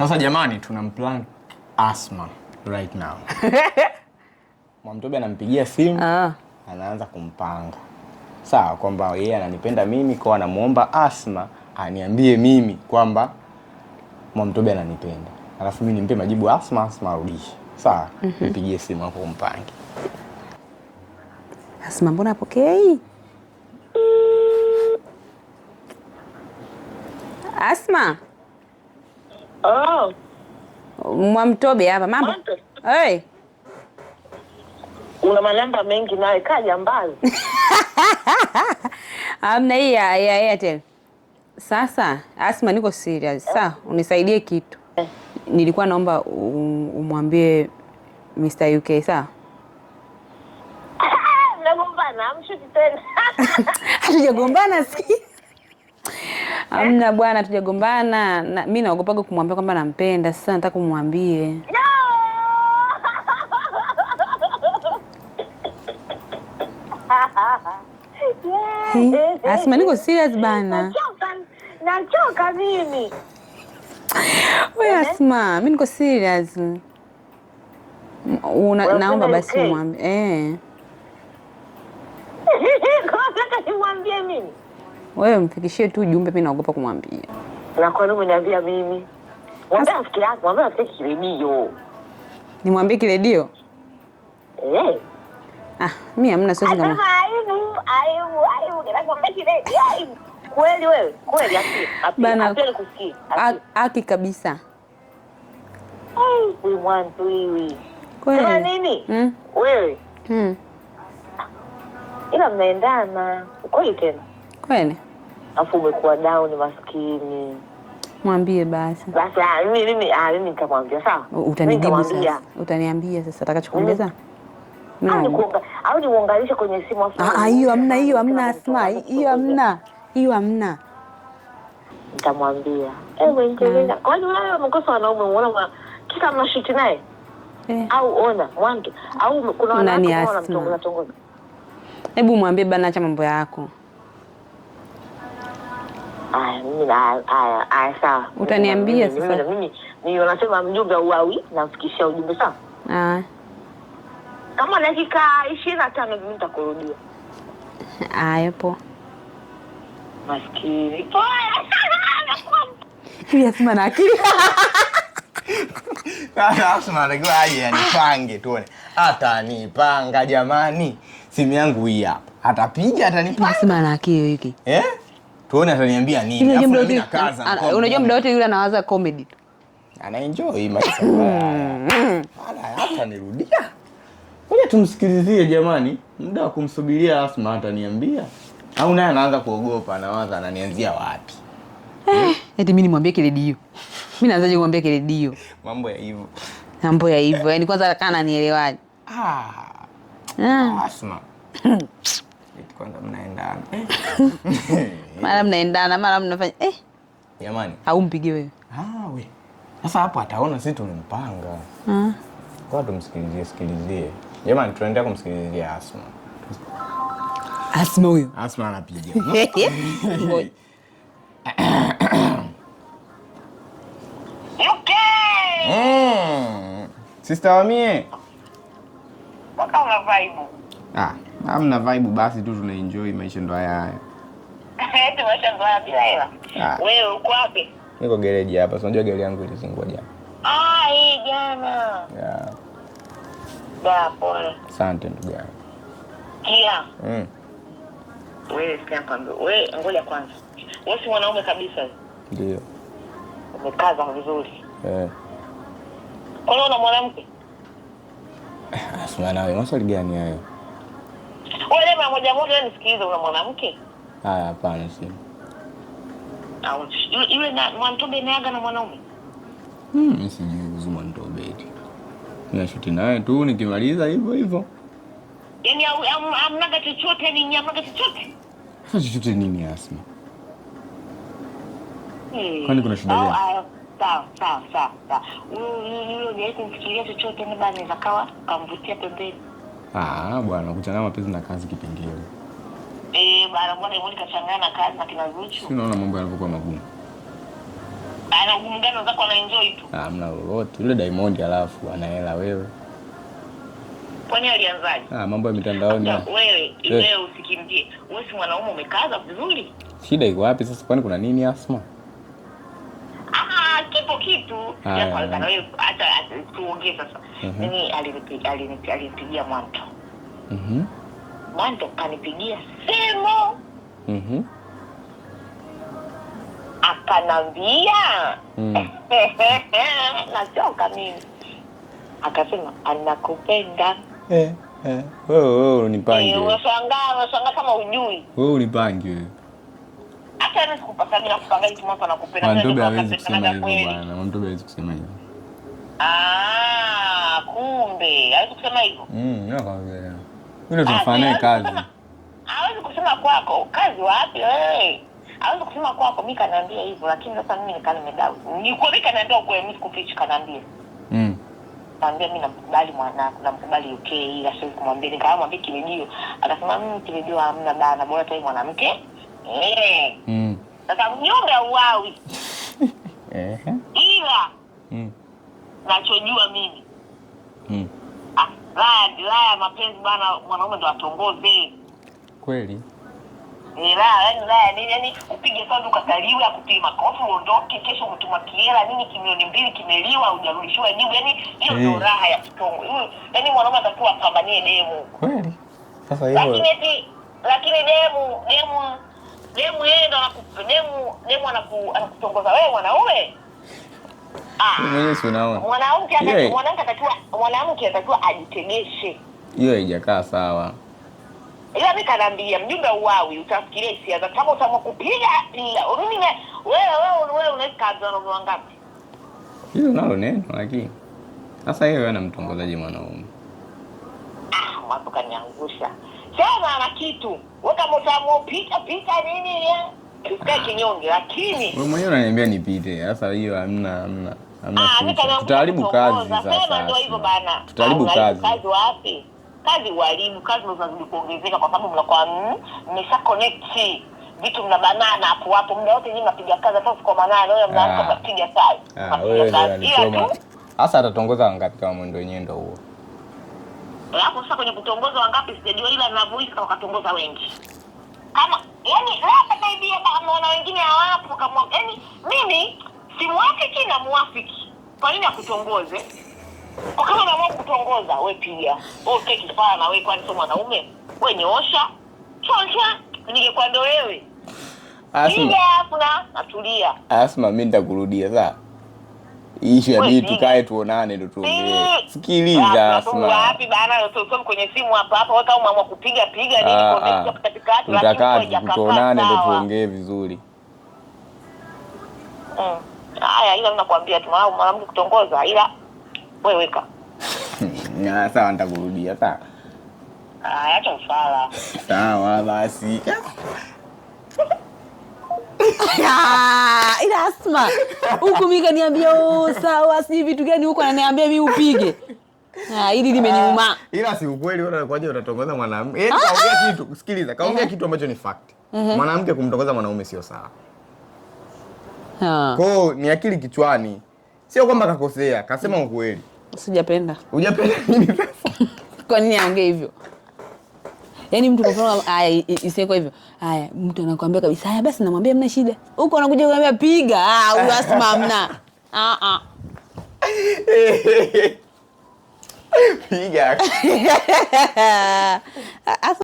Sasa jamani, tuna mplan Asma right now. Mwamtobe anampigia simu ah, anaanza kumpanga sawa, kwamba yeye ananipenda mimi, kwa anamuomba Asma aniambie mimi kwamba Mwamtobe ananipenda, alafu mimi nimpe majibu Asma, Asma arudishe. Sawa, mhm. nipigie simu hapo umpange. Asma, mbona apokei? Asma Oh. Mwamtobe hapa mambo. Hey. Una manamba mengi naye kaja mbali. Amna hii ya ya Airtel. Sasa Asma, niko serious. Eh. Sasa unisaidie kitu eh. Nilikuwa naomba um, umwambie Mr. UK sawa? Nagombana, amshuti tena. Hatujagombana si? Amna bwana, tujagombana na mimi naogopaga kumwambia kwamba nampenda. Sasa nataka kumwambie no! Hey, Asma niko serious bana. Nachoka mimi. Wewe Asma, mimi niko serious. Una, naomba basi umwambie. Eh. Kwa nini nimwambie mimi? Wewe mfikishie tu ujumbe, mimi naogopa kumwambia. Na kwa nini unaniambia mimi? Mwambie rafiki yako, mwambie rafiki kiredio. Nimwambie kiredio? Eh. Ah, mimi hamna sasa kama. Aibu, aibu, aibu. kila Ninakwambia kiredio, aibu. Kweli wewe, kweli Bana, api. Kusikia. Haki kabisa. Ai, to hivi. Kweli. Kwa nini? Mm. Wewe. Mm. Ila mnaendana. Kweli tena kweli? Afu umekuwa down maskini. Mwambie basi. Basi ah, mimi mimi ah mimi nikamwambia sawa. Utanijibu sasa. Utaniambia sasa atakachokuuliza. Mm. Au ni niuunganishe kwenye simu afu. Ah, ah hiyo hamna, hiyo hamna Asma. Hiyo hamna. Hiyo hamna. Nitamwambia. Eh, Ewe Kwa nini wewe umekosa wanaume unaona kila mnashuti naye? Eh. Au ona mwanamke au kuna wanaume wanamtongoza tongoza. Hebu mwambie bana, acha mambo yako. Aya, sawa, utaniambia sasa. Mimi ni wanasema mjumbe uawi, namfikishia ujumbe sawa. Ah. kama dakika ishirini na tano mimi nitakurudia. Aya, poa. Maskini hivi Asma na akili ah, ah, Asma anatakiwa aje anipange, tuone atanipanga. Jamani, simu yangu hii hapa, atapiga atanipa. Asma na akili hiki eh tuone ataniambia nini. Alafu mimi nakaza. Unajua muda wote yule anawaza comedy tu. Ana enjoy maisha. Hmm. Ala hata nirudia. Ngoja tumsikilizie jamani, muda wa kumsubiria Asma ataniambia. Au naye anaanza kuogopa, anawaza ananianzia wapi? Eh, eti mimi nimwambie kile dio. Mimi naanzaje kumwambia kile dio? Mambo ya hivyo. Mambo ya hivyo. Yaani kwanza kana nielewaje? Ah. Ah. Asma. Eti kwanza mnaendana. mara mnaendana mara mnafanya eh. Jamani, haumpigi wewe ah, we. Sasa hapo ataona sisi tumempanga ah. Kwa tumsikilizie sikilizie. Jamani, tunaendelea kumsikilizia Asma. Asma huyo, Asma anapiga mm. Sister Wamie, ah, hamna vibe basi tu tunaenjoy maisha ndo haya haya unaisha ndoa bila hela? Ah. Wewe uko wapi? Niko gereji hapa. Si unajua gereji yangu ilizingua jana. Ah, hii jana. Yeah. Da, pole. Asante ndugu yangu. Kila. Mm. Wewe sikia nikwambie. Wewe ngoja kwanza. Wewe si mwanaume kabisa. Ndio. Umekaza vizuri. Eh. Kwa nini una mwanamke? Asma ah, nawe, maswali gani hayo? Wewe moja moja nisikilize, una mwanamke? Haya, hapana, si yule na Mwantobe naaga na mwanaume mimi, hmm, sinyuzu Mwantobe eti nashuti naye tu nikimaliza hivyo hivyo, yaani amnaga chochote, yaani nyamaga chochote. Sasa chochote nini Asma? Hmm. Kwani kuna shida gani? Sawa sawa sawa sawa, huyo kumfikiria chochote, ni bana, inaweza kamvutia pembeni. Ah bwana, kuchanganya mapenzi na kazi kipengele bara, mbona hivyo nikachangana kazi na kina Zuchu? unaona mambo yanavyokuwa magumu. Ana ugumu gani zako ana enjoy tu. Ah, mna lolote. Yule Diamond alafu ana hela wewe. Kwani alianzaje? Ah, mambo ya mitandaoni. Wewe leo eh. usikimbie. Wewe si mwanaume umekaza vizuri. Shida iko wapi sasa? Kwani kuna nini Asma? Ah, kipo kitu. Ah. Hata tuongee sasa. Mhm. Nini alinipigia mwanto. Mhm. Mm mando kanipigia simu mm -hmm. akanambia mm. nachoka mimi, akasema anakupenda eh. eh. eh unashangaa, kama ujui. Wewe kusema ah, kumbe. awezi kusema hivo mm, yule tunafanya ah, kazi. Hawezi kusema kwako, kazi wapi wewe? Hawezi kusema kwako, mimi kananiambia hivyo, lakini sasa mimi nikaa nimedau. Ni kwa mimi kananiambia kwa mimi sikufichi kananiambia. Mm. Kaambia mimi namkubali mwanangu, namkubali UK ila siwezi kumwambia, nikaa mwambie kimejio. Akasema mimi kimejio hamna bana, bora tu mwanamke. Eh. Mm. Sasa mjombe auawi. Eh. Ila. Mm. Nachojua mimi. Mm mapenzi bwana, mwanaume ndo atongoze kweli. Ni raha yani, raha nini? Yaani, yani upige ukataliwe, akupige makofi uondoke, kesho kutuma kiela nini, kimioni mbili kimeliwa, ujarudishiwa jibu. Yani yaani, hiyo eh. raha ya mm, Yani mwanaume atakuwa apambanie demu kweli. Sasa hiyo lakini eti lakini demu demu demu yeye ndo anaku demu demu anakutongoza wewe mwanaume Ah, mwanamke anatakiwa ajitegeshe. Hiyo haijakaa sawa, ila mi kanaambia mjumbe uwawi, hisia zako. Kama utaamua kupiga pia wewe, unaweza ngapi? Hilo nalo neno, lakini sasa anamtongozaje mwanaume? Ah, kaniangusha. Sema na kitu wewe, kama utaamua pita pita nini, eh? ah. kinyonge, lakini wewe mwenyewe unaniambia nipite. Sasa hiyo hamna hamna ah, tutaharibu kazi sasa, Sasa ndio tutaharibu kazi. Kazi wapi? Kazi walimu, kazi zinazidi kuongezeka kwa sababu mnakuwa mm, mmesha connect vitu mna banana hapo hapo muda wote, nyinyi mnapiga kazi, hata kwa banana leo mnaanza ah. kupiga kazi. Ah, wewe ndio hasa atatongoza wangapi kama mwendo wenyewe ndio huo? Eh, hapo sasa kwenye kutongoza wangapi sijajua, ila ninavyohisi wakatongoza wengi. Kama yani, hata maybe kama wana wengine hawapo kama yani mimi Simwafiki na muafiki, kwa nini akutongoze? Kwa kama unaamua kutongoza, we pia we kipara na we, kwani sio mwanaume? We nyoosha choncha, ningekwambia wewe Asma, natulia. Asma, mimi nitakurudia saa ishu ya bii, tukae tuonane, ndo tuongee. Sikiliza Asma, wapi bana, usisom kwenye simu hapa hapa, wewe kama umeamua kupiga piga nini, ah, ah. tutakaa tuonane, ndo tuongee vizuri mm. Haya, ila nakwambia tu mwanamke kutongoza, ila wewe weka sawa, nitakurudia sawa. Acha ufala. Sawa basi. Ila Asma huku mi kaniambia oh, sawa, sijui vitu gani huku ananiambia mi upige hili limeniuma, ah, ila si ukweli. unakwaje unatongoza mwanamke? Yaani kaongea ah, ah. kitu, sikiliza, kaongea mhm. kitu ambacho ni fact. Mhm. Mwanamke kumtongoza mwanaume sio sawa. Ah. kwao ni akili kichwani, sio kwamba kakosea, kasema ukweli. Sijapenda. Hujapenda nini sasa? Kwa nini aongee hivyo? Yaani mtu kwa mfano haya isiyeko hivyo. Haya mtu anakuambia kabisa, haya basi namwambia mna shida. Huko anakuja kuambia piga. Ah, huyu asma mna. Ah ah. Piga.